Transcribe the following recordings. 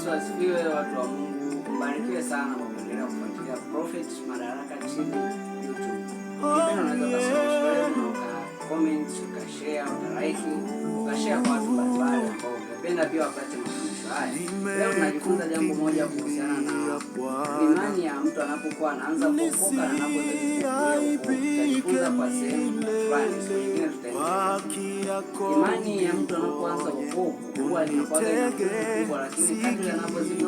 Yesu asifiwe, watu wa Mungu, mbarikiwe sana kwa kuendelea kufuatilia Prophet Madaraka TV YouTube. Unaweza kusubscribe, uka comment, ukashare, ukalike, ukashare kwa watu mbalimbali ambao ungependa pia wapate mafundisho haya. Leo tunajifunza jambo moja kuhusiana na mtu anapokuwa anaanza kuokoka na anapoanza kujifunza kwa sehemu fulani, siku Imani ya mtu anapoanza wokovu huwa inakuwa kubwa, lakini kadri anavyozidi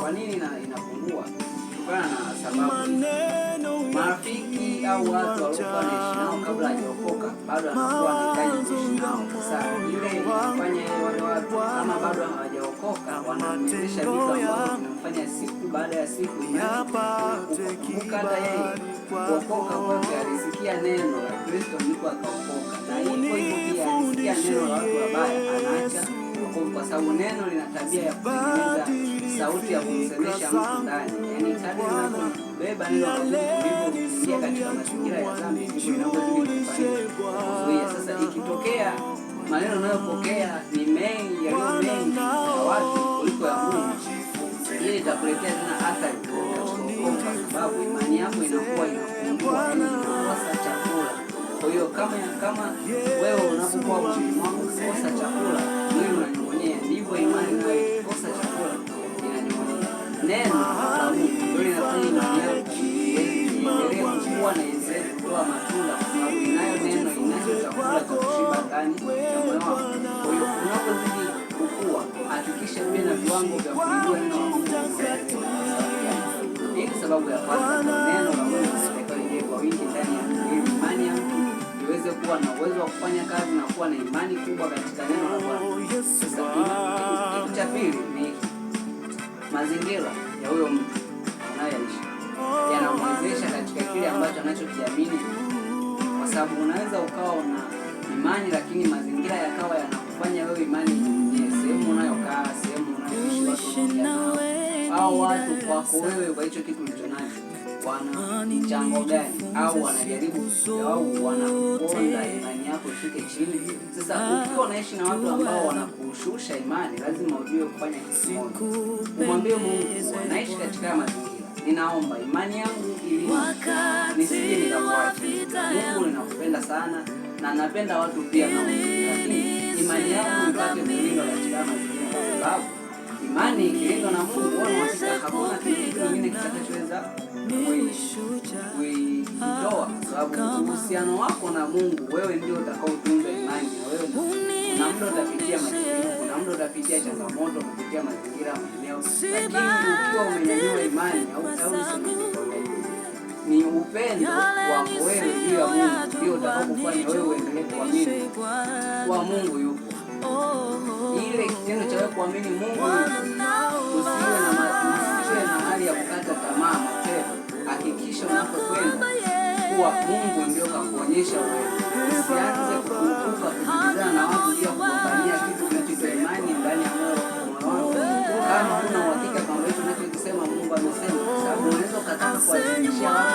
kwa nini inapungua? Kutokana na sababu marafiki au watu waliokuwa nao kabla hajaokoka bado anakuwa anahitaji kuishi nao, sasa ile inafanya wale watu kama bado hawaja wanaokoka wanaonyesha vitu ambavyo vinamfanya siku baada ya siku kukumbuka. Hata kuokoka kwake alisikia neno la Kristo ndipo akaokoka, na hivyo pia alisikia neno la watu wabaya, anaacha kwa sababu neno lina tabia ya kutengeneza sauti ya kumsemesha mtu ndani, yaani kadri unavyobeba neno la Mungu ulivyoingia katika mazingira ya dhambi ndivyo inavyozidi kufanya Sasa ikitokea maneno unayopokea ni mengi yaliyo mengi hiyo itakuletea tena athari kwa sababu imani yako inakuwa inapungua, inakosa chakula. Kwa hiyo kama kama wewe unapokuwa mwili wako ukikosa chakula, mwili unanyong'onyea, ndivyo imani nayo ikikosa chakula inanyong'onyea. Neno la Mungu ndio na iendelee kutoa matunda, kwa sababu inayo neno, inayo chakula cha kushiba ndani hakikisha uwe na viwango vya kuijua Hii ni sababu ya kwanza, neno la Mungu kwa wingi ndani ya imani yangu iweze kuwa na uwezo wa kufanya kazi na kuwa na imani kubwa katika neno la Bwana. Kitu cha pili ni mazingira ya huyo mtu anayoishi yanamwezesha katika kile ambacho anachokiamini, kwa sababu unaweza ukawa una imani lakini mazingira yakawa yanakufanya wewe imani sehemu unayokaa, sehemu unayoishi, au watu wako wewe kwa hicho kitu ulichonacho wana mchango gani, au wanajaribu au wanaponda imani yako ishike chini. Sasa ukiwa unaishi na watu ambao wanakushusha imani, lazima ujue kufanya kitu kimoja, umwambie Mungu, naishi katika mazingira, ninaomba imani yangu ili nisije Mungu, ninakupenda sana na napenda watu pia na imani yako ipate kulindwa katika mazingira, kwa sababu imani ikilindwa na Mungu, wana hakika hakuna kitu kingine kitakachoweza kuishuja kuitoa, kwa sababu uhusiano wako na Mungu, wewe ndio utakaotunza imani na wewe. Kuna muda utapitia mazingira, kuna muda utapitia changamoto kupitia mazingira maeneo, lakini ukiwa umenyanyua imani au upendo wako wewe juu ya Mungu ndio utakapofanya wewe uendelee kuamini kwa Mungu yupo. Ile kitendo cha wewe kuamini Mungu, usiwe na matumaini na hali ya kukata tamaa mapema. Hakikisha unapokwenda kuwa Mungu ndio kakuonyesha wewe, usianze kukurupuka kujibizana na watu juu ya kugombania kitu kinachoitwa imani ndani ya moyo kama huna uhakika kwamba hicho unachokisema Mungu amesema, kwa sababu unaweza ukataa kuadhimisha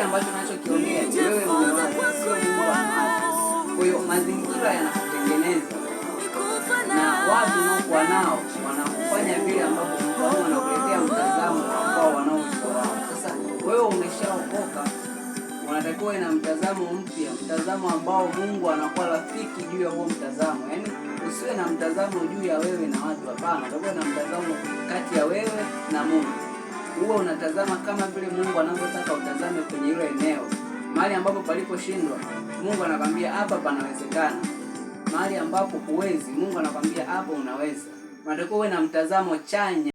kile ambacho unachokiongea wewe mwenyewe sio Kwa hiyo mazingira yanakutengeneza na watu unaokuwa nao wanakufanya vile ambavyo wanakuletea mtazamo ambao wanaoa sasa. Wewe umeshaokoka, unatakiwa na mtazamo mpya, mtazamo ambao Mungu anakuwa rafiki juu ya huo mtazamo. Yaani usiwe na mtazamo juu ya wewe na watu, hapana. Utakuwa na mtazamo kati ya wewe na Mungu huwa unatazama kama vile Mungu anavyotaka utazame kwenye hilo eneo. Mahali ambapo paliposhindwa, Mungu anakwambia hapa panawezekana. Mahali ambapo huwezi, Mungu anakwambia hapo unaweza. Unatakiwa uwe na mtazamo chanya.